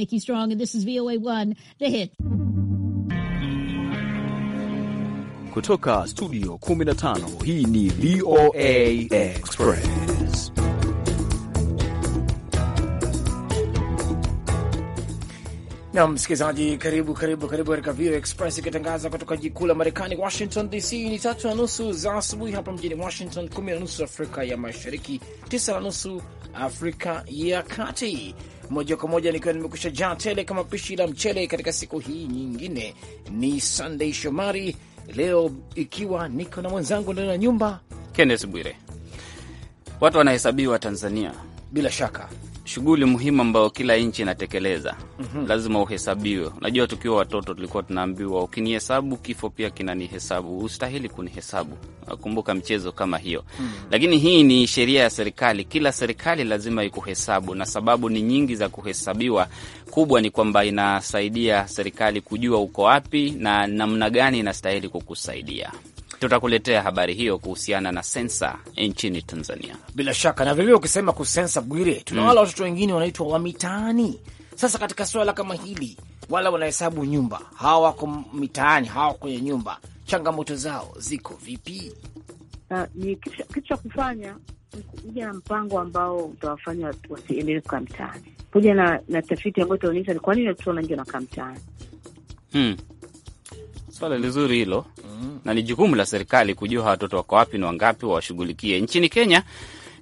Nikki Strong, and this is VOA1 The Hit. Kutoka studio 15, hii ni VOA Express. Na msikilizaji, karibu karibu karibu katika VOA Express ikitangaza kutoka jiji kuu la Marekani, Washington DC. Ni tatu na nusu za asubuhi hapa mjini Washington, kumi na nusu Afrika ya Mashariki, tisa na nusu Afrika ya Kati moja kwa moja, nikiwa nimekusha jaa tele kama pishi la mchele katika siku hii nyingine. Ni Sunday Shomari leo, ikiwa niko na mwenzangu ndani ya nyumba Kenneth Bwire. Watu wanahesabiwa Tanzania bila shaka shughuli muhimu ambayo kila nchi inatekeleza mm -hmm. Lazima uhesabiwe. Unajua, tukiwa watoto tulikuwa tunaambiwa ukinihesabu kifo pia kinanihesabu, ustahili kunihesabu. Nakumbuka mchezo kama hiyo mm -hmm. Lakini hii ni sheria ya serikali, kila serikali lazima ikuhesabu, na sababu ni nyingi za kuhesabiwa. Kubwa ni kwamba inasaidia serikali kujua uko wapi na namna gani inastahili kukusaidia tutakuletea habari hiyo kuhusiana na sensa nchini Tanzania bila shaka, na vilevile ukisema kusensa Bwire, tuna wala mm. watoto wengine wanaitwa wamitaani. Sasa katika swala kama hili, wala wanahesabu nyumba, hawa wako mitaani, hawa kwenye nyumba, changamoto zao ziko vipi? Uh, ni kitu cha kufanya kuja na mpango ambao utawafanya wasiendelee kukaa mtaani, kuja na, na tafiti ambayo itaonyesha ni kwa nini watoto wanaingi wanakaa mtaani. hmm. Swala lizuri hilo mm. na ni jukumu la serikali kujua watoto wako wapi na wangapi wawashughulikie. Nchini Kenya,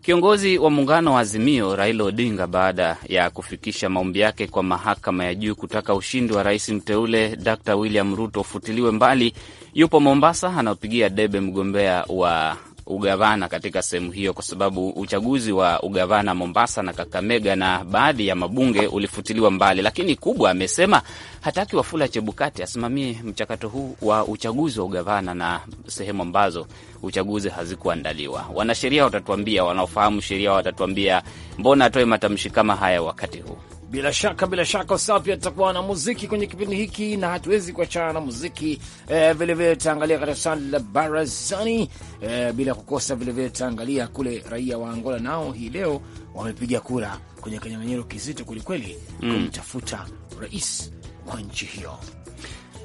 kiongozi wa muungano wa Azimio Raila Odinga, baada ya kufikisha maombi yake kwa mahakama ya juu kutaka ushindi wa rais mteule Dr William Ruto ufutiliwe mbali, yupo Mombasa anaopigia debe mgombea wa ugavana katika sehemu hiyo, kwa sababu uchaguzi wa ugavana Mombasa na Kakamega na baadhi ya mabunge ulifutiliwa mbali. Lakini kubwa amesema hataki Wafula Chebukati asimamie mchakato huu wa uchaguzi wa ugavana na sehemu ambazo uchaguzi hazikuandaliwa. Wanasheria watatuambia, wanaofahamu sheria watatuambia mbona atoe matamshi kama haya wakati huu. Bila shaka bila shaka saa pia tutakuwa na muziki kwenye kipindi hiki, na hatuwezi kuachana na muziki vilevile. Eh, tutaangalia katika swala la barazani eh, bila kukosa vilevile tutaangalia kule raia wa Angola nao hii leo wamepiga kura kwenye kinyang'anyiro kizito kwelikweli mm, kumtafuta rais wa nchi hiyo.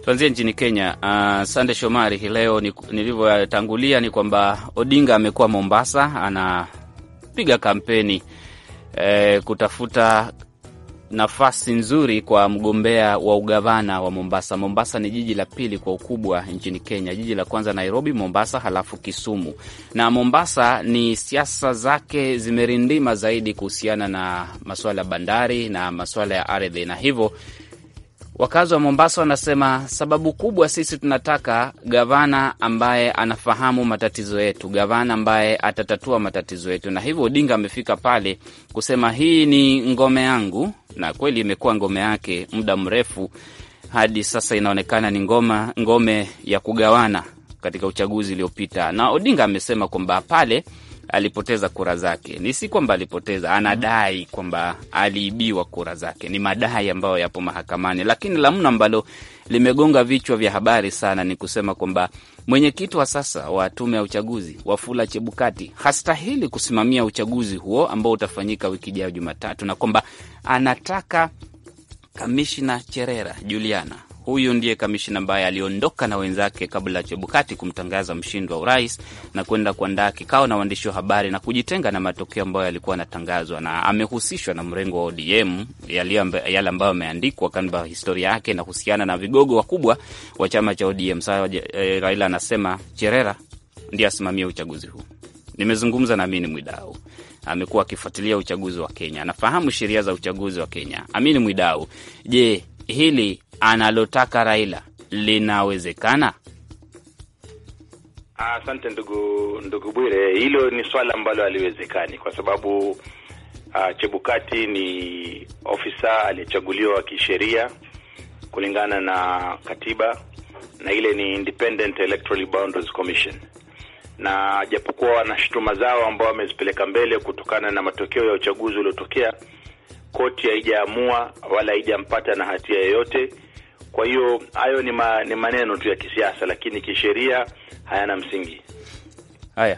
Tuanzie nchini Kenya. Uh, Sande Shomari, hii leo nilivyotangulia ni, ni kwamba Odinga amekuwa Mombasa anapiga kampeni eh, kutafuta nafasi nzuri kwa mgombea wa ugavana wa Mombasa. Mombasa ni jiji la pili kwa ukubwa nchini Kenya, jiji la kwanza Nairobi, Mombasa halafu Kisumu. Na Mombasa ni siasa zake zimerindima zaidi kuhusiana na masuala ya bandari na masuala ya ardhi, na hivyo Wakazi wa Mombasa wanasema sababu kubwa, sisi tunataka gavana ambaye anafahamu matatizo yetu, gavana ambaye atatatua matatizo yetu. Na hivyo Odinga amefika pale kusema hii ni ngome yangu, na kweli imekuwa ngome yake muda mrefu, hadi sasa inaonekana ni ngoma, ngome ya kugawana katika uchaguzi uliopita. Na Odinga amesema kwamba pale alipoteza kura zake. Ni si kwamba alipoteza, anadai kwamba aliibiwa kura zake. Ni madai ambayo yapo mahakamani, lakini la mno ambalo limegonga vichwa vya habari sana ni kusema kwamba mwenyekiti wa sasa wa tume ya uchaguzi Wafula Chebukati hastahili kusimamia uchaguzi huo ambao utafanyika wiki ijayo Jumatatu, na kwamba anataka kamishna Cherera Juliana Huyu ndiye kamishina ambaye aliondoka na wenzake kabla ya Chebukati kumtangaza mshindi wa urais na kwenda kuandaa kikao na waandishi wa habari na kujitenga na matokeo ambayo yalikuwa yanatangazwa, na amehusishwa na mrengo wa ODM, yale ambayo ameandikwa kwamba historia yake inahusiana na vigogo wakubwa wa chama cha ODM. Sasa eh, Raila anasema Cherera ndiye asimamia uchaguzi huu. Nimezungumza na Amini Mwidau, amekuwa akifuatilia uchaguzi wa Kenya, anafahamu sheria za uchaguzi wa Kenya. Amini Mwidau, je, hili analotaka Raila linawezekana? Asante ndugu ndugu Bwire, hilo ni swala ambalo haliwezekani kwa sababu uh, Chebukati ni ofisa aliyechaguliwa kisheria kulingana na katiba na ile ni Independent Electoral Boundaries Commission, na japokuwa wana shutuma zao ambao wamezipeleka mbele kutokana na matokeo ya uchaguzi uliotokea, koti haijaamua wala haijampata na hatia yoyote, kwa hiyo hayo ni, ma, ni maneno tu ya kisiasa, lakini kisheria hayana msingi. Haya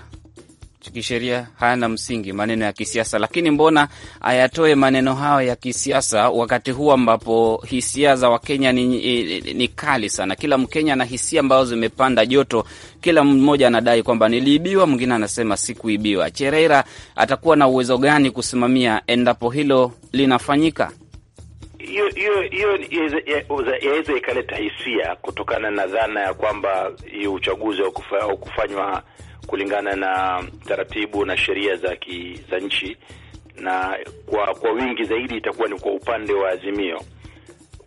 kisheria hayana msingi, maneno ya kisiasa. Lakini mbona ayatoe maneno hayo ya kisiasa wakati huu ambapo hisia za Wakenya ni, ni, ni kali sana? Kila Mkenya ana hisia ambazo zimepanda joto, kila mmoja anadai kwamba niliibiwa, mwingine anasema sikuibiwa. Cherera atakuwa na uwezo gani kusimamia endapo hilo linafanyika? hiyo yaweza ikaleta hisia kutokana na dhana ya kwamba hiyo uchaguzi haukufanywa kulingana na taratibu na sheria za ki, za nchi, na kwa kwa wingi zaidi itakuwa ni kwa upande wa Azimio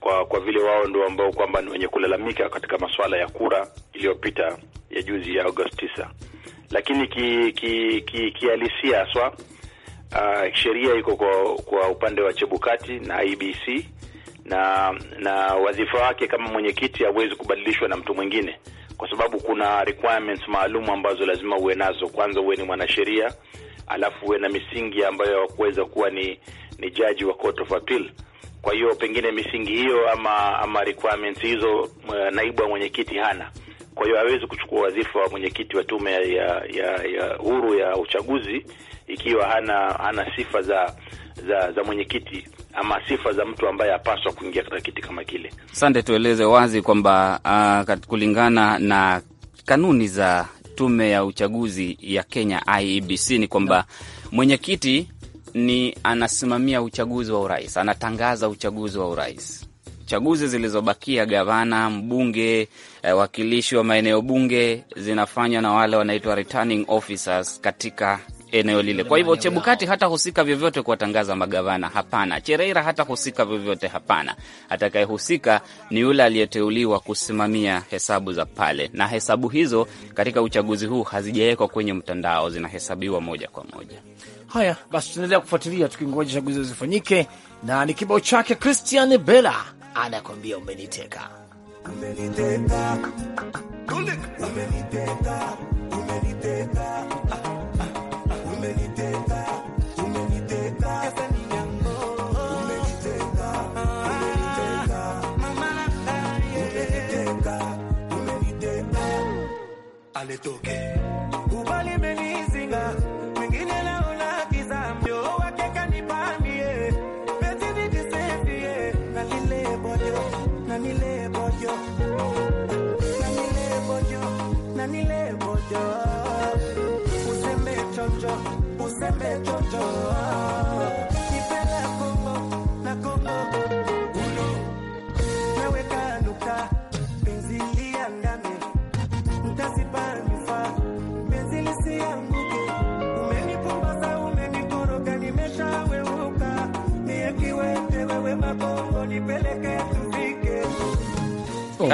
kwa kwa vile wao ndio ambao kwamba ni wenye kulalamika katika masuala ya kura iliyopita ya juzi ya Agosti 9, lakini kihalisia ki, ki, ki haswa uh, sheria iko kwa, kwa upande wa Chebukati na IBC na na wadhifa wake kama mwenyekiti hawezi kubadilishwa na mtu mwingine, kwa sababu kuna requirements maalum ambazo lazima uwe nazo. Kwanza uwe ni mwanasheria, alafu uwe na misingi ambayo kuweza kuwa ni ni jaji wa court of appeal. Kwa hiyo pengine misingi hiyo ama ama requirements hizo eh, naibu wa mwenyekiti hana, kwa hiyo hawezi kuchukua wadhifa wa mwenyekiti wa tume ya ya ya huru ya uchaguzi ikiwa hana hana sifa za za, za mwenyekiti ama sifa za mtu ambaye apaswa kuingia katika kiti kama kile. Sante, tueleze wazi kwamba uh, kulingana na kanuni za tume ya uchaguzi ya Kenya IEBC ni kwamba mwenyekiti ni anasimamia uchaguzi wa urais, anatangaza uchaguzi wa urais chaguzi zilizobakia gavana, mbunge, eh, wakilishi wa maeneo bunge zinafanywa na wale wanaitwa returning officers katika eneo lile. Kwa hivyo Chebukati hatahusika vyovyote kuwatangaza magavana, hapana. Chereira hatahusika vyovyote, hapana. Atakayehusika ni yule aliyeteuliwa kusimamia hesabu za pale, na hesabu hizo katika uchaguzi huu hazijawekwa kwenye mtandao, zinahesabiwa moja kwa moja. Haya basi, tunaendelea kufuatilia tukingoja chaguzi zifanyike, na ni kibao chake Christian Bella anakwambia umeniteka, umeniteka, umeniteka, umeniteka. ale toque.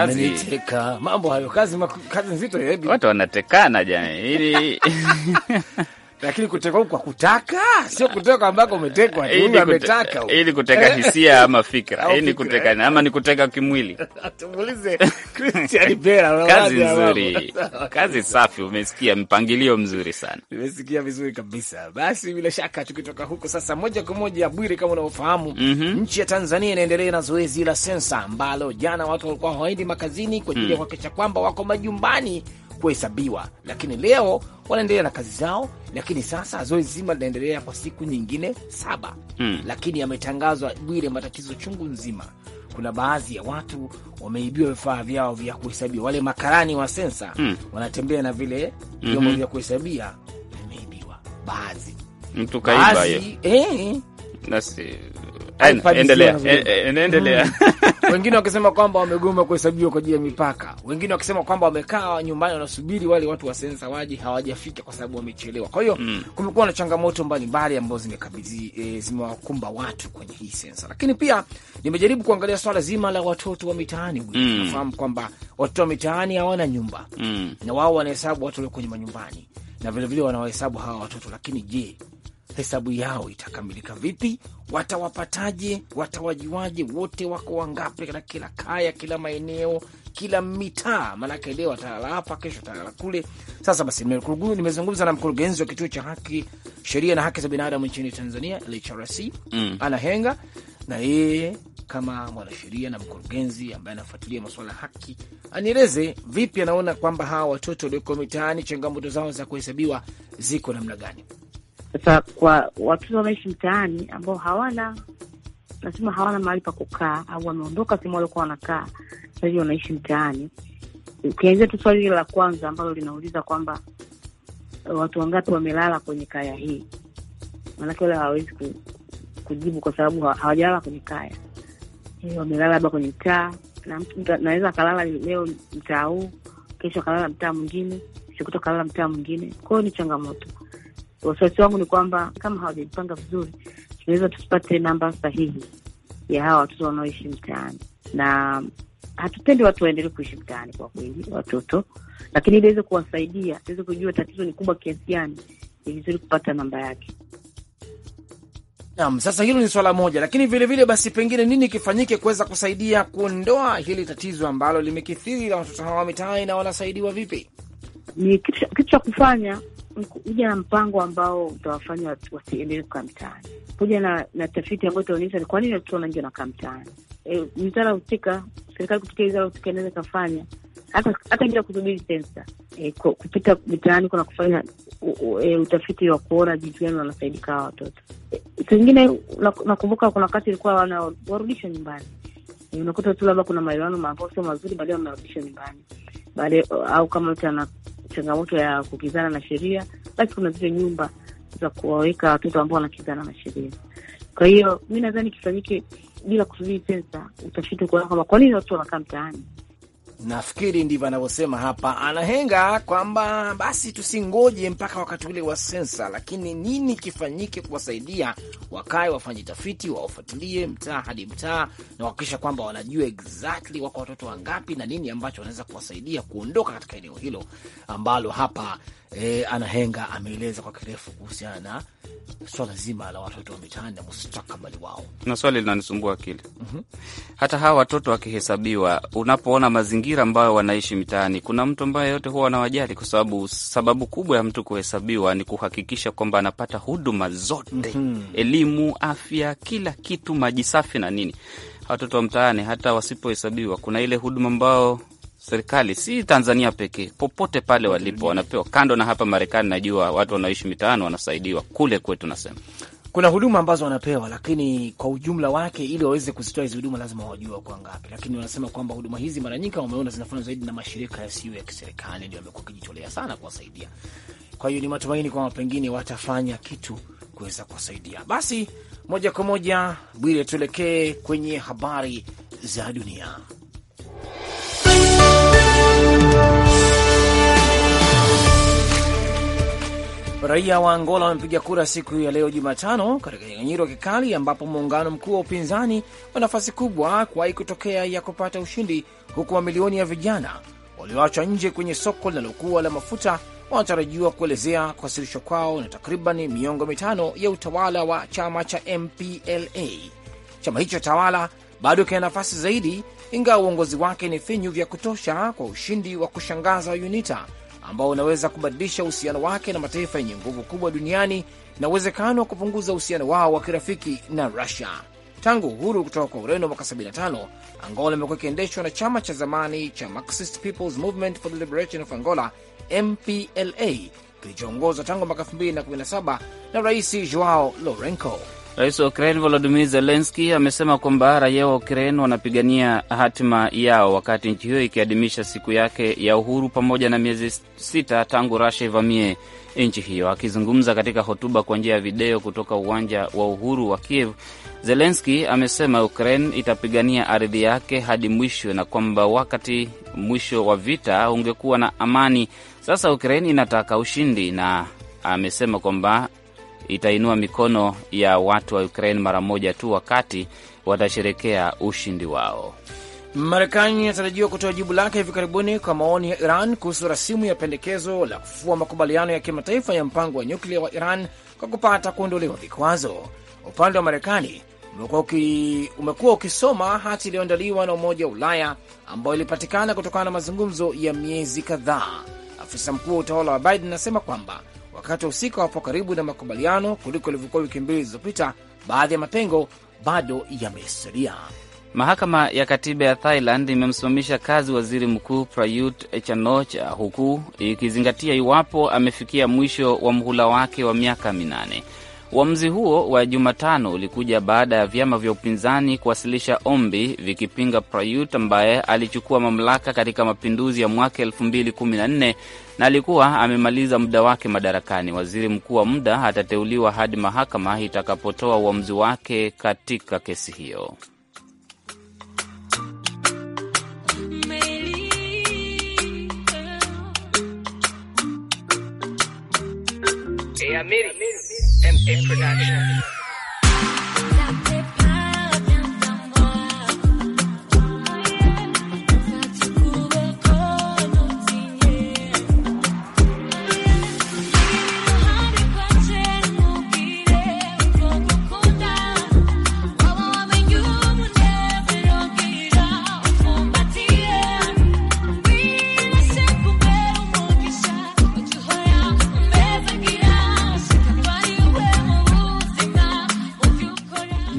niteka Mambo hayo, kazi nzito. Watu wanatekana jamani, ili lakini kutekwa kwa kutaka, sio kutoka ambako umetekwa tu, ametaka ili kuteka hisia ama fikra, hii ni kuteka ama ni kuteka kimwili. Tumulize Christian Bella. Kazi nzuri, kazi safi, umesikia mpangilio mzuri sana, umesikia vizuri kabisa. Basi bila shaka tukitoka huko sasa, moja kwa moja Bwire, kama unavyofahamu mm -hmm. nchi ya Tanzania inaendelea na zoezi la sensa ambalo jana watu walikuwa hawaendi makazini kwa ajili ya mm. kuhakikisha kwamba wako majumbani kuhesabiwa, lakini leo wanaendelea na kazi zao, lakini sasa zoezi zima linaendelea kwa siku nyingine saba. Hmm. Lakini yametangazwa Bwire, matatizo chungu nzima. Kuna baadhi ya watu wameibiwa vifaa vyao vya kuhesabia, wale makarani wa sensa hmm. wanatembea na vile mhm. vyombo mm -hmm. vya kuhesabia vimeibiwa, baadhi mtu kaiba, baadhi, endelea e, e, mm. Wengine wakisema kwamba wamegoma kuhesabiwa kwa ajili ya mipaka, wengine wakisema kwamba wamekaa nyumbani wanasubiri wale watu wa sensa waje, hawajafika kwa sababu wamechelewa. Kwa hiyo mm, kumekuwa na changamoto mbalimbali ambazo zimekabidhi e, zimewakumba watu kwenye hii sensa, lakini pia nimejaribu kuangalia swala zima la watoto wa mitaani. Mm, nafahamu kwamba watoto wa mitaani hawana nyumba mm, na wao wanahesabu watu walio kwenye manyumbani na vilevile wanawahesabu hawa watoto, lakini je, hesabu yao itakamilika vipi, watawapataje, watawajuaje, wote wako wangapi katika kila kaya, kila maeneo, kila mitaa? Maanake leo atalala hapa, kesho atalala kule. Sasa basi, nimezungumza na mkurugenzi wa kituo cha haki, sheria na haki za binadamu nchini Tanzania, LHRC mm. Ana Henga, na yeye kama mwanasheria na mkurugenzi ambaye anafuatilia masuala ya haki anieleze vipi anaona kwamba hawa watoto walioko mitaani changamoto zao za kuhesabiwa ziko namna gani? Sasa kwa watoto wameishi mtaani ambao hawana nasema hawana mahali pa kukaa au wameondoka sehemu walikuwa wanakaa, sasa hivi wanaishi mtaani. Ukianzia tu swali hili la kwanza ambalo linauliza kwamba eh, watu wangapi wamelala kwenye kaya hii, maanake wale hawawezi kujibu kwa sababu hawajalala kwenye kaya, wamelala labda kwenye mtaa, na mtu naweza akalala leo mtaa huu, kesho akalala mtaa mwingine, sikuto akalala mtaa mwingine. Kwa hiyo ni changamoto wasiwasi wangu ni kwamba kama hawajajipanga vizuri, tunaweza tusipate namba sahihi ya hawa watoto wanaoishi mtaani, na hatupendi watu waendelee kuishi mtaani kwa kweli, watoto. Lakini ili kuwasaidia, tuweze kujua tatizo ni kubwa kiasi gani, ni vizuri kupata namba yake. Naam, sasa hilo ni swala moja, lakini vilevile vile basi, pengine nini kifanyike kuweza kusaidia kuondoa hili tatizo ambalo limekithiri la watoto hawa mitaani, na wanasaidiwa vipi? Ni kitu cha kufanya kuja na mpango ambao utawafanya wasiendelee kukaa mtaani, kuja na, na tafiti ambayo itaonyesha ni kwa nini watoto wanaingia nakaa mtaani. E, wizara husika, serikali kupitia wizara husika inaweza ikafanya hata hata bila kusubiri sensa e, kupita mitaani kuna kufanya e, utafiti wa kuona jinsi gani wanasaidika hawa watoto e, zingine nakumbuka kuna wakati ilikuwa wanawarudishwa nyumbani e, unakuta tu labda kuna maelewano ambayo sio mazuri, baadaye wamerudishwa nyumbani baadaye, au kama mtu ana changamoto ya kukizana na sheria, basi kuna zile nyumba za kuwaweka watoto ambao wanakizana na sheria. Kwa hiyo mi nadhani kifanyike bila kusubiri sensa, utafiti kuona kwamba kwa nini watoto wanakaa mtaani Nafikiri ndivyo anavyosema hapa Anahenga kwamba basi tusingoje mpaka wakati ule wa sensa, lakini nini kifanyike kuwasaidia wakae, wafanye tafiti, wawafuatilie mtaa hadi mtaa na kuhakikisha kwamba wanajua exactly wako watoto wangapi na nini ambacho wanaweza kuwasaidia kuondoka katika eneo hilo ambalo hapa e, Anahenga ameeleza kwa kirefu kuhusiana na swala zima la watoto wa mitaani na mustakabali wao, na swali linanisumbua akili mm -hmm. Hata hawa watoto wakihesabiwa, unapoona mazingira ambayo wanaishi mitaani, kuna mtu ambaye yote huwa anawajali, kwa sababu sababu kubwa ya mtu kuhesabiwa ni kuhakikisha kwamba anapata huduma zote mm -hmm. Elimu, afya, kila kitu, maji safi na nini. Watoto wa mtaani hata wasipohesabiwa, kuna ile huduma ambao serikali si Tanzania pekee, popote pale walipo wanapewa. Kando na hapa Marekani, najua watu wanaishi mitaani wanasaidiwa, kule kwetu nasema kuna huduma ambazo wanapewa, lakini kwa ujumla wake, ili waweze kuzitoa hizi huduma lazima wajua kwa ngapi. Lakini wanasema kwamba huduma hizi mara nyingi wameona zinafanywa zaidi na mashirika yasiyo ya kiserikali, ndio amekuwa akijitolea sana kuwasaidia. Kwa hiyo ni matumaini kwamba pengine watafanya kitu kuweza kuwasaidia. Basi moja kwa moja, Bwire, tuelekee kwenye habari za dunia. Raia wa Angola wamepiga kura siku ya leo Jumatano katika nyang'anyiro kikali ambapo muungano mkuu wa upinzani wa nafasi kubwa kuwahi kutokea ya kupata ushindi, huku mamilioni ya vijana walioachwa nje kwenye soko linalokuwa la mafuta wanatarajiwa kuelezea kuwasilishwa kwao na takriban miongo mitano ya utawala wa chama cha MPLA. Chama hicho tawala bado kina nafasi zaidi, ingawa uongozi wake ni finyu vya kutosha kwa ushindi wa kushangaza wa UNITA ambao unaweza kubadilisha uhusiano wake na mataifa yenye nguvu kubwa duniani na uwezekano wa kupunguza uhusiano wao wa kirafiki na Rusia. Tangu uhuru kutoka kwa Ureno mwaka 75 Angola imekuwa ikiendeshwa na chama cha zamani cha Marxist People's Movement for the Liberation of Angola, MPLA, kilichoongozwa tangu mwaka 2017 na Rais Joao Lourenco. Rais wa Ukraine Volodymyr Zelensky amesema kwamba raia wa Ukraine wanapigania hatima yao wakati nchi hiyo ikiadhimisha siku yake ya uhuru pamoja na miezi sita tangu Russia ivamie nchi hiyo. Akizungumza katika hotuba kwa njia ya video kutoka uwanja wa uhuru wa Kiev, Zelensky amesema Ukraine itapigania ardhi yake hadi mwisho na kwamba wakati mwisho wa vita ungekuwa na amani, sasa Ukraine inataka ushindi, na amesema kwamba itainua mikono ya watu wa Ukraine mara moja tu wakati watasherekea ushindi wao. Marekani inatarajiwa kutoa jibu lake hivi karibuni kwa maoni ya Iran kuhusu rasimu ya pendekezo la kufua makubaliano ya kimataifa ya mpango wa nyuklia wa Iran kwa kupata kuondolewa vikwazo. Upande wa Marekani umekuwa ukisoma hati iliyoandaliwa na Umoja wa Ulaya ambayo ilipatikana kutokana na mazungumzo ya miezi kadhaa. Afisa mkuu wa utawala wa Biden anasema kwamba wakati wahusika wapo karibu na makubaliano kuliko ilivyokuwa wiki mbili zilizopita, baadhi ya mapengo bado yamesalia. Mahakama ya katiba ya Thailand imemsimamisha kazi waziri mkuu Prayut Chanocha huku ikizingatia iwapo amefikia mwisho wa mhula wake wa miaka minane. Uamuzi huo wa Jumatano ulikuja baada ya vyama vya upinzani kuwasilisha ombi vikipinga Prayut ambaye alichukua mamlaka katika mapinduzi ya mwaka 214 na alikuwa amemaliza muda wake madarakani. Waziri mkuu wa muda atateuliwa hadi mahakama itakapotoa uamuzi wake katika kesi hiyo. Hey, in production.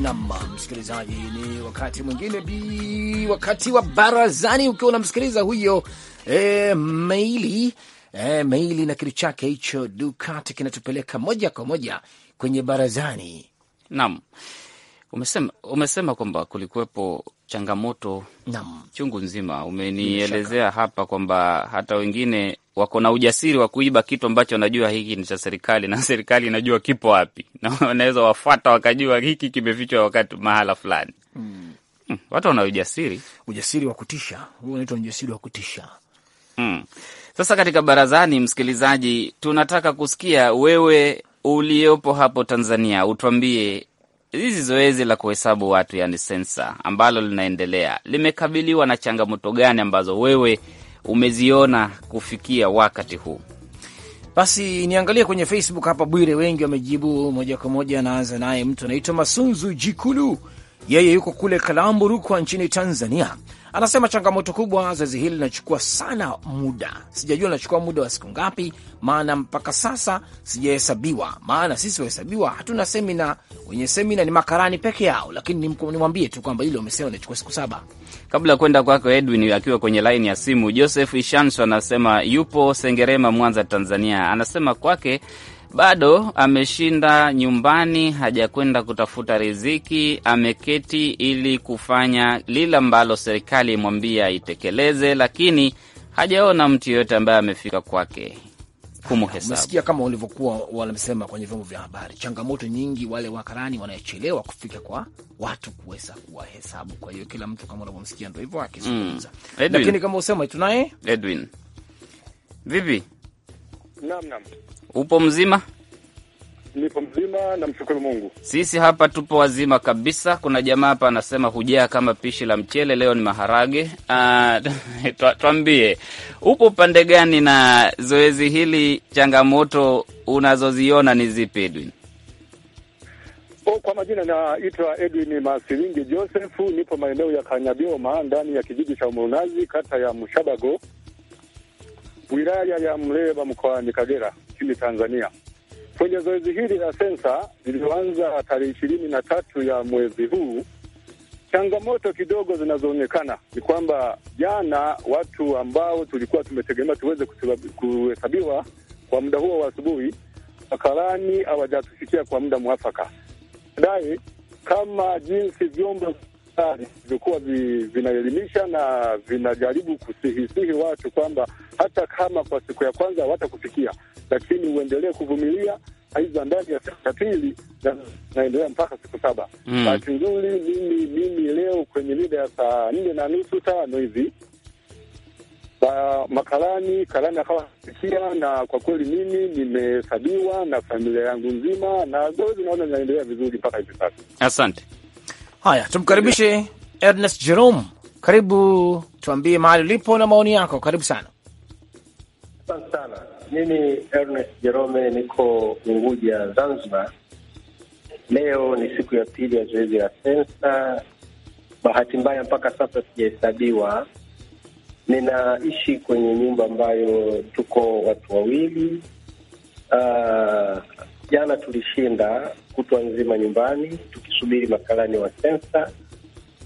Nam msikilizaji, ni wakati mwingine bi wakati wa barazani, ukiwa unamsikiliza huyo e, maili e, maili na kitu chake hicho Dukati kinatupeleka moja kwa moja kwenye barazani. Nam umesema, umesema kwamba kulikuwepo changamoto Nam. chungu nzima. Umenielezea hapa kwamba hata wengine wako na ujasiri wa kuiba kitu ambacho wanajua hiki ni cha serikali na serikali inajua kipo wapi, na wanaweza wafuata wakajua hiki kimefichwa wakati mahala fulani mm. Hmm, watu wana ujasiri, ujasiri wa kutisha. Huu unaitwa ujasiri wa kutisha hmm. Sasa katika barazani, msikilizaji, tunataka kusikia wewe uliopo hapo Tanzania, utwambie hizi zoezi la kuhesabu watu, yani sensa, ambalo linaendelea limekabiliwa na changamoto gani ambazo wewe umeziona kufikia wakati huu? Basi niangalie kwenye Facebook hapa, Bwire, wengi wamejibu moja kwa moja. Anaanza naye mtu anaitwa Masunzu Jikulu, yeye yuko kule Kalamburu kwa nchini Tanzania. Anasema changamoto kubwa, zoezi hili linachukua sana muda. Sijajua linachukua muda wa siku ngapi, maana mpaka sasa sijahesabiwa. Maana sisi wahesabiwa hatuna semina, wenye semina ni makarani peke yao. Lakini nimwambie tu kwamba ile umesema inachukua siku saba. Kabla ya kwenda kwako Edwin akiwa kwenye laini ya simu, Joseph Ishanso anasema yupo Sengerema, Mwanza, Tanzania. Anasema kwake bado ameshinda nyumbani, hajakwenda kutafuta riziki, ameketi ili kufanya lile ambalo serikali imwambia aitekeleze, lakini hajaona mtu yoyote ambaye amefika kwake kumuhesabu. Umesikia kama walivyokuwa wanasema kwenye vyombo vya habari, changamoto nyingi, wale wakarani wanachelewa kufika kwa watu kuweza kuwahesabu. Kwa hiyo kila mtu kama unavyomsikia ndo hivyo akizungumza, mm. lakini kama usema tunaye Edwin vipi? Naam, naam. Upo mzima? Nipo mzima, namshukuru Mungu. Sisi hapa tupo wazima kabisa. Kuna jamaa hapa anasema hujaa kama pishi la mchele, leo ni maharage. Uh, twambie upo upande gani na zoezi hili, changamoto unazoziona ni zipi Edwin? Oh, kwa majina naitwa Edwin Masilingi Joseph, nipo maeneo ya Kanyabioma ndani ya kijiji cha Umurunazi, kata ya Mshabago, wilaya ya Mleba, mkoani Kagera nchini Tanzania. Kwenye zoezi hili la sensa lililoanza tarehe ishirini na tatu ya mwezi huu, changamoto kidogo zinazoonekana ni kwamba jana watu ambao tulikuwa tumetegemea tuweze kuhesabiwa kwa muda huo wa asubuhi, wakarani hawajatufikia kwa muda mwafaka. Baadaye kama jinsi vyombo vilivyokuwa vinaelimisha na vinajaribu kusihisihi watu kwamba hata kama kwa siku ya kwanza hawatakufikia, lakini uendelee kuvumilia aiza ndani ya siku ya pili na naendelea mpaka siku saba. Mm. Bahati mm, nzuri mimi mimi leo kwenye mida ya saa nne na nusu tano hivi makalani kalani akawa sikia, na kwa kweli mimi nimehesabiwa na familia yangu nzima, na zoezi naona linaendelea vizuri mpaka hivi sasa. Asante. Haya, tumkaribishe Ernest Jerome, karibu, tuambie mahali ulipo na maoni yako. Karibu sana. Asante sana. Mimi Ernest Jerome niko Unguja, Zanzibar. Leo ni siku ya pili ya zoezi la sensa. Bahati mbaya, mpaka sasa sijahesabiwa. Ninaishi kwenye nyumba ambayo tuko watu wawili. Uh, Jana tulishinda kutwa nzima nyumbani tukisubiri makarani wa sensa,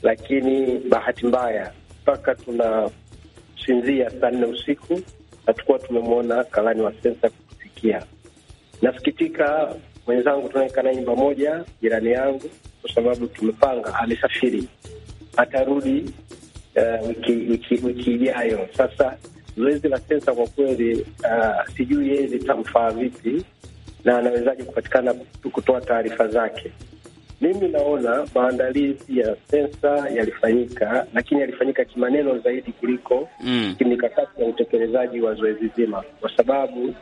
lakini bahati mbaya mpaka tunasinzia saa nne usiku hatukuwa tumemwona karani wa sensa kutufikia. Nasikitika mwenzangu tunaweka naye nyumba moja, jirani yangu, kwa sababu tumepanga amesafiri, atarudi uh, wiki ijayo. Sasa zoezi la sensa kwa kweli, uh, sijui yeye litamfaa vipi na anawezaje kupatikana kutoa taarifa zake. Mimi naona maandalizi ya sensa yalifanyika, lakini yalifanyika kimaneno zaidi kuliko mm, kimikakati ya utekelezaji wa zoezi zima, kwa sababu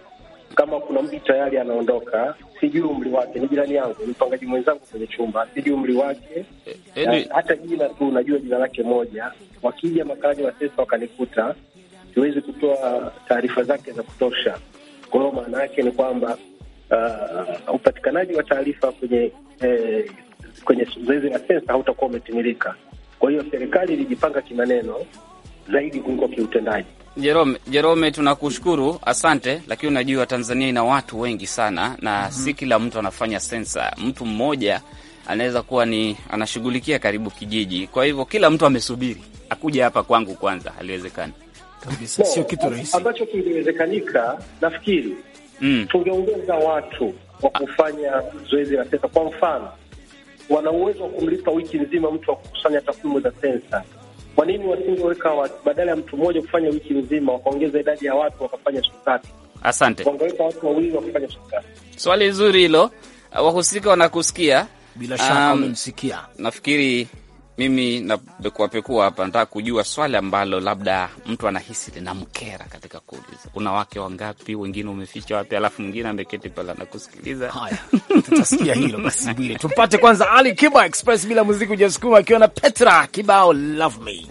kama kuna mtu tayari anaondoka, sijui umri wake, ni jirani yangu, ni mpangaji mwenzangu kwenye chumba, sijui umri wake e, na, hata jina tu najua jina lake moja. Wakija makaraji wa sensa wakanikuta, siwezi kutoa taarifa zake za kutosha. Kwa hiyo maana yake ni kwamba uh, upatikanaji wa taarifa kwenye eh, kwenye zoezi la sensa hautakuwa umetimilika. Kwa hiyo serikali ilijipanga kimaneno zaidi kuliko kiutendaji. Jerome, Jerome tunakushukuru, asante. Lakini unajua Tanzania ina watu wengi sana na mm -hmm. si kila mtu anafanya sensa. Mtu mmoja anaweza kuwa ni anashughulikia karibu kijiji, kwa hivyo kila mtu amesubiri akuja hapa kwangu kwanza, haliwezekani kabisa, sio kitu rahisi ambacho kingewezekanika. Nafikiri mm. tungeongeza watu wa kufanya zoezi la sensa. Kwa mfano, wana uwezo wa kumlipa wiki nzima mtu wa kukusanya takwimu za sensa. Kwa nini wasingeweka badala ya mtu mmoja kufanya wiki nzima, wakaongeza idadi ya watu wakafanya siku tatu? Asante, wangeweka watu wawili wakafanya siku tatu. Swali zuri hilo, uh, wahusika wanakusikia bila shaka, um, wamemsikia um, nafikiri mimi napekuapekua hapa, nataka kujua swali ambalo labda mtu anahisi linamkera katika kuuliza, kuna wake wangapi? Wengine umeficha wapi? Alafu mwingine ameketi pale anakusikiliza. Haya, tutasikia hilo basi. Bwile, tupate kwanza Ali Kiba Express bila muziki ujasukuma akiwa na Petra kibao love me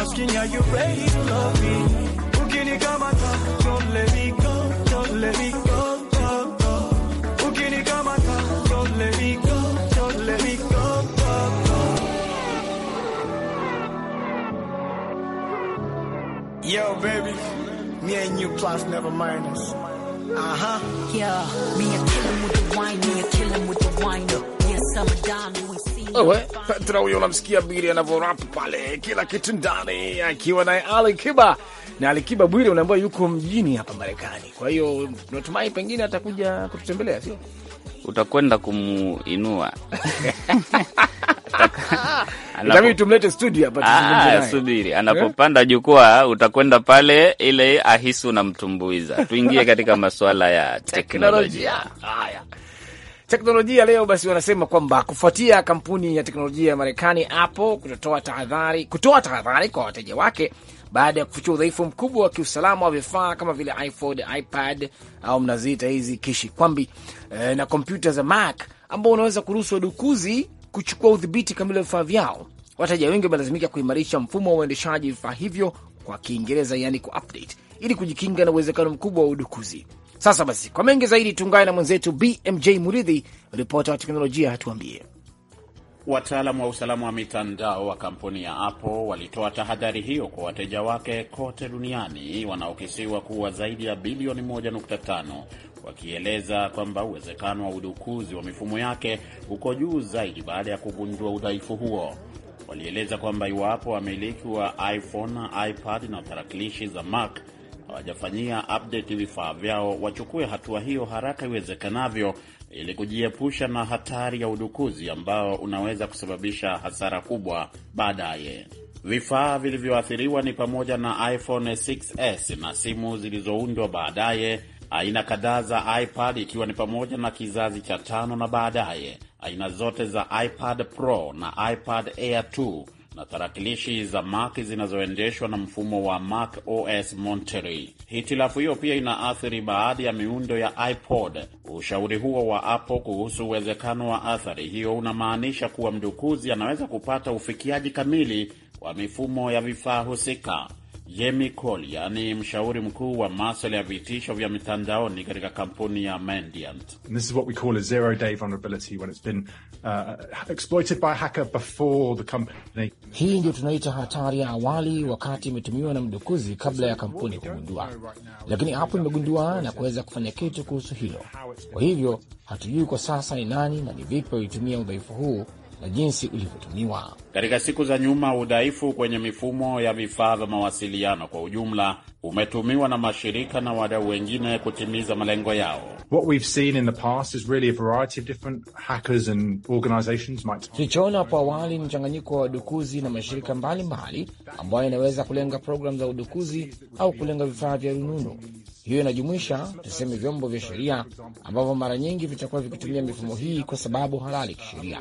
asking, are you ready to love me? Ukinikamata, don't let me go, don't let me go, go, go. Ukinikamata, don't let me go, don't let me go, go, go. Yo, baby, me and you plus never minus. Uh-huh. Yeah, me a killer with the wine, me a killer with the wine. Yes, I'm a you ain't see. Owe, oh, eh? huyo unamsikia Bwiri anavyorap pale kila kitu ndani, akiwa naye Ali Kiba na Kiba Bwiri unaambia yuko mjini hapa Marekani, kwa hiyo natumai pengine atakuja kututembelea, sio? Utakwenda kumuinua Anapo... tumlete studio hapa ah, subiri anapopanda eh? jukwaa utakwenda pale ile ahisi unamtumbuiza. Tuingie katika masuala ya teknolojia haya teknolojia leo basi wanasema kwamba kufuatia kampuni ya teknolojia ya Marekani Apple kutotoa tahadhari kutoa tahadhari kwa wateja wake baada ya kufichua udhaifu mkubwa wa kiusalama wa vifaa kama vile iPhone, iPad au mnaziita hizi kwambi e, na kompyuta za Mac ambao unaweza kuruhusu wadukuzi kuchukua udhibiti kamili wa vifaa vyao. Wateja wengi wamelazimika kuimarisha mfumo wa uendeshaji vifaa hivyo kwa Kiingereza, yani kuupdate, ili kujikinga na uwezekano mkubwa wa udukuzi. Sasa basi, kwa mengi zaidi tuungane na mwenzetu BMJ Muridhi, ripota wa teknolojia, hatuambie. Wataalamu wa usalama wa mitandao wa kampuni ya Apple walitoa tahadhari hiyo kwa wateja wake kote duniani wanaokisiwa kuwa zaidi ya bilioni 1.5 wakieleza kwamba uwezekano wa udukuzi wa mifumo yake uko juu zaidi baada ya kugundua udhaifu huo. Walieleza kwamba iwapo wamiliki wa iPhone, iPad na tarakilishi za Mac hawajafanyia update vifaa vyao wachukue hatua hiyo haraka iwezekanavyo ili kujiepusha na hatari ya udukuzi ambao unaweza kusababisha hasara kubwa baadaye. Vifaa vilivyoathiriwa ni pamoja na iPhone 6s na simu zilizoundwa baadaye, aina kadhaa za iPad ikiwa ni pamoja na kizazi cha tano na baadaye, aina zote za iPad Pro na iPad Air 2 na tarakilishi za Mac zinazoendeshwa na mfumo wa Mac OS Monterey. Hitilafu hiyo pia inaathiri baadhi ya miundo ya iPod. Ushauri huo wa Apple kuhusu uwezekano wa athari hiyo unamaanisha kuwa mdukuzi anaweza kupata ufikiaji kamili wa mifumo ya vifaa husika. Yemi kolia ni mshauri mkuu wa maswala ya vitisho vya mitandaoni katika kampuni ya Mandiant. Hii tunaita hatari ya awali, wakati imetumiwa na mdukuzi kabla ya kampuni kugundua, lakini hapo imegundua na kuweza kufanya kitu kuhusu hilo. Kwa hivyo hatujui kwa sasa ni nani na ni vipi walitumia udhaifu huu na jinsi ulivyotumiwa. Katika siku za nyuma, udhaifu kwenye mifumo ya vifaa vya mawasiliano kwa ujumla umetumiwa na mashirika na wadau wengine kutimiza malengo yao. Tulichoona hapo awali ni mchanganyiko wa wadukuzi na mashirika mbalimbali ambayo inaweza kulenga programu za udukuzi au kulenga vifaa vya rununu. Hiyo inajumuisha tuseme, vyombo vya sheria ambavyo mara nyingi vitakuwa vikitumia mifumo hii kwa sababu halali kisheria,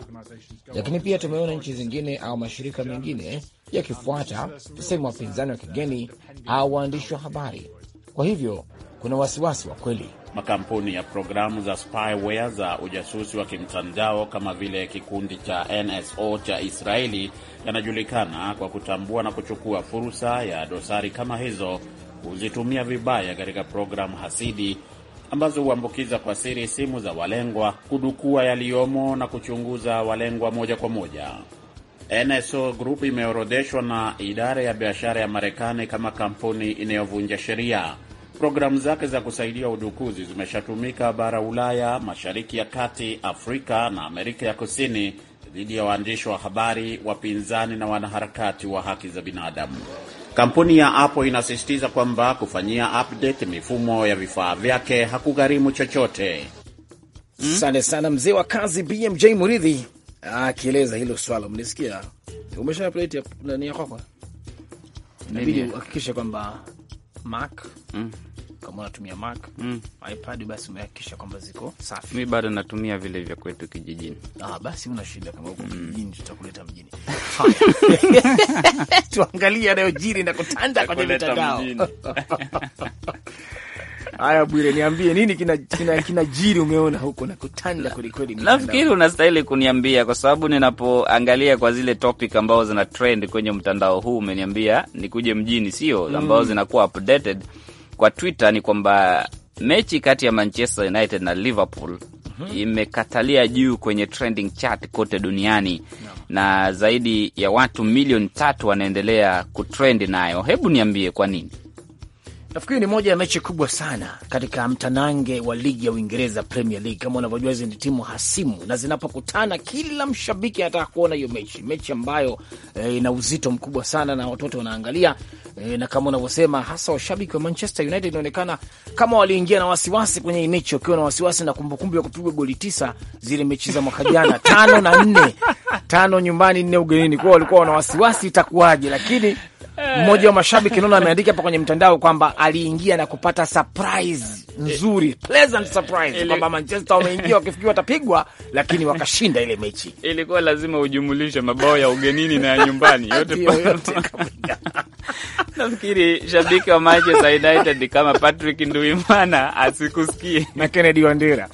lakini pia tumeona nchi zingine au mashirika mengine yakifuata tuseme wapinzani wa kigeni au waandishi wa habari. Kwa hivyo kuna wasiwasi wa kweli. Makampuni ya programu za spyware za ujasusi wa kimtandao kama vile kikundi cha NSO cha Israeli yanajulikana kwa kutambua na kuchukua fursa ya dosari kama hizo kuzitumia vibaya katika programu hasidi ambazo huambukiza kwa siri simu za walengwa, kudukua yaliyomo na kuchunguza walengwa moja kwa moja. NSO Group imeorodheshwa na idara ya biashara ya Marekani kama kampuni inayovunja sheria. Programu zake za kusaidia udukuzi zimeshatumika bara Ulaya, mashariki ya kati, Afrika na Amerika ya kusini dhidi ya waandishi wa habari, wapinzani na wanaharakati wa haki za binadamu. Kampuni ya Apple inasisitiza kwamba kufanyia update mifumo ya vifaa vyake hakugharimu chochote. Asante hmm, sana mzee wa kazi BMJ Muridhi akieleza hilo swala. Mlisikia umesha plate nani ya kwako, nabidi uhakikishe kwamba Mac mm. kama unatumia Mac mm. iPad basi umehakikisha kwamba ziko safi. Mi bado natumia vile vya kwetu kijijini. Ah, basi una shida kama huko mm. kijijini tutakuleta mjini tuangalie anayojiri na kutanda kwenye mitandao Haya Bwire, niambie nini kina, umeona huko na kutanda kwelikweli. Nafikiri unastahili kuniambia kwa sababu ninapoangalia kwa zile topic ambazo zina trend kwenye mtandao huu, umeniambia nikuje mjini, sio mm. ambazo zinakuwa updated kwa Twitter ni kwamba mechi kati ya Manchester United na Liverpool mm -hmm. imekatalia juu kwenye trending chart kote duniani no. na zaidi ya watu milioni tatu wanaendelea kutrend nayo. Hebu niambie kwa nini? Nafikiri ni moja ya mechi kubwa sana katika mtanange wa ligi ya Uingereza, Premier League. Kama unavyojua, hizi ni timu hasimu na zinapokutana, kila mshabiki anataka kuona hiyo mechi, mechi ambayo eh, ina e, uzito mkubwa sana na watoto wanaangalia e, na kama unavyosema, hasa washabiki wa Manchester United inaonekana kama waliingia na wasiwasi kwenye hii mechi, wakiwa na wasiwasi na kumbukumbu ya kupigwa goli tisa zile mechi za mwaka jana tano na nne tano nyumbani nne ugenini, kwao walikuwa wana wasiwasi itakuwaje, lakini Eh. mmoja wa mashabiki naona ameandika hapa kwenye mtandao kwamba aliingia na kupata surprise nzuri, eh. pleasant surprise kwamba Manchester wameingia wakifikiri watapigwa, lakini wakashinda ile mechi. Ilikuwa lazima ujumulishe mabao ya ugenini na ya nyumbani yote yote. Nafikiri shabiki wa Manchester United kama Patrick Nduimana asikusikie na Kennedy Wandera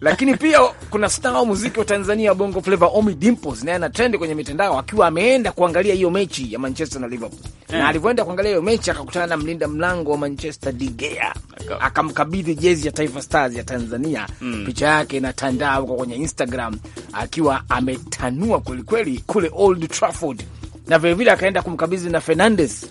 lakini pia kuna star wa muziki wa Tanzania Bongo Flava Omi Dimples, naye ana trend kwenye mitandao akiwa ameenda kuangalia hiyo mechi ya Manchester na Liverpool yeah. Na eh. alivyoenda kuangalia hiyo mechi akakutana na mlinda mlango wa Manchester De Gea, akamkabidhi jezi ya Taifa Stars ya Tanzania mm. Picha yake inatandaa huko kwenye Instagram akiwa ametanua kwelikweli kule Old Trafford, na vilevile akaenda kumkabidhi na Fernandes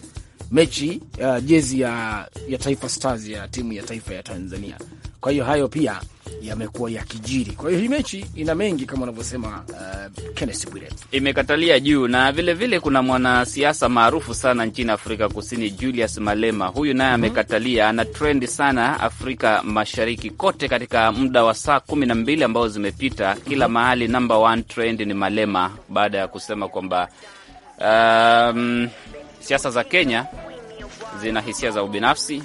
mechi uh, jezi ya, ya Taifa Stars ya timu ya taifa ya Tanzania. Kwa hiyo hayo pia yamekuwa yakijiri. Kwa hiyo hii mechi ina mengi kama unavyosema uh, Kenneth Bwire imekatalia juu, na vilevile vile kuna mwanasiasa maarufu sana nchini Afrika Kusini Julius Malema, huyu naye mhm. amekatalia. Ana trendi sana Afrika Mashariki kote katika muda wa saa kumi na mbili ambao zimepita, kila mhm. mahali number one trend ni Malema baada ya kusema kwamba um, siasa za Kenya zina hisia za ubinafsi,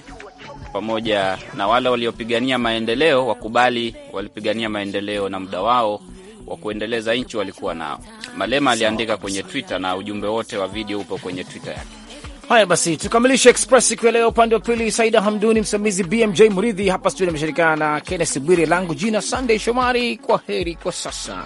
pamoja na wale waliopigania maendeleo, wakubali walipigania maendeleo na muda wao wa kuendeleza nchi walikuwa nao. Malema aliandika kwenye Twitter na ujumbe wote wa video upo kwenye Twitter yake. Haya basi, tukamilishe Express siku ya leo. Upande wa pili, Saida Hamduni, msimamizi BMJ Muridhi, hapa studio ameshirikiana na Kennes Bwire, langu jina Sunday Shomari. Kwa heri kwa sasa.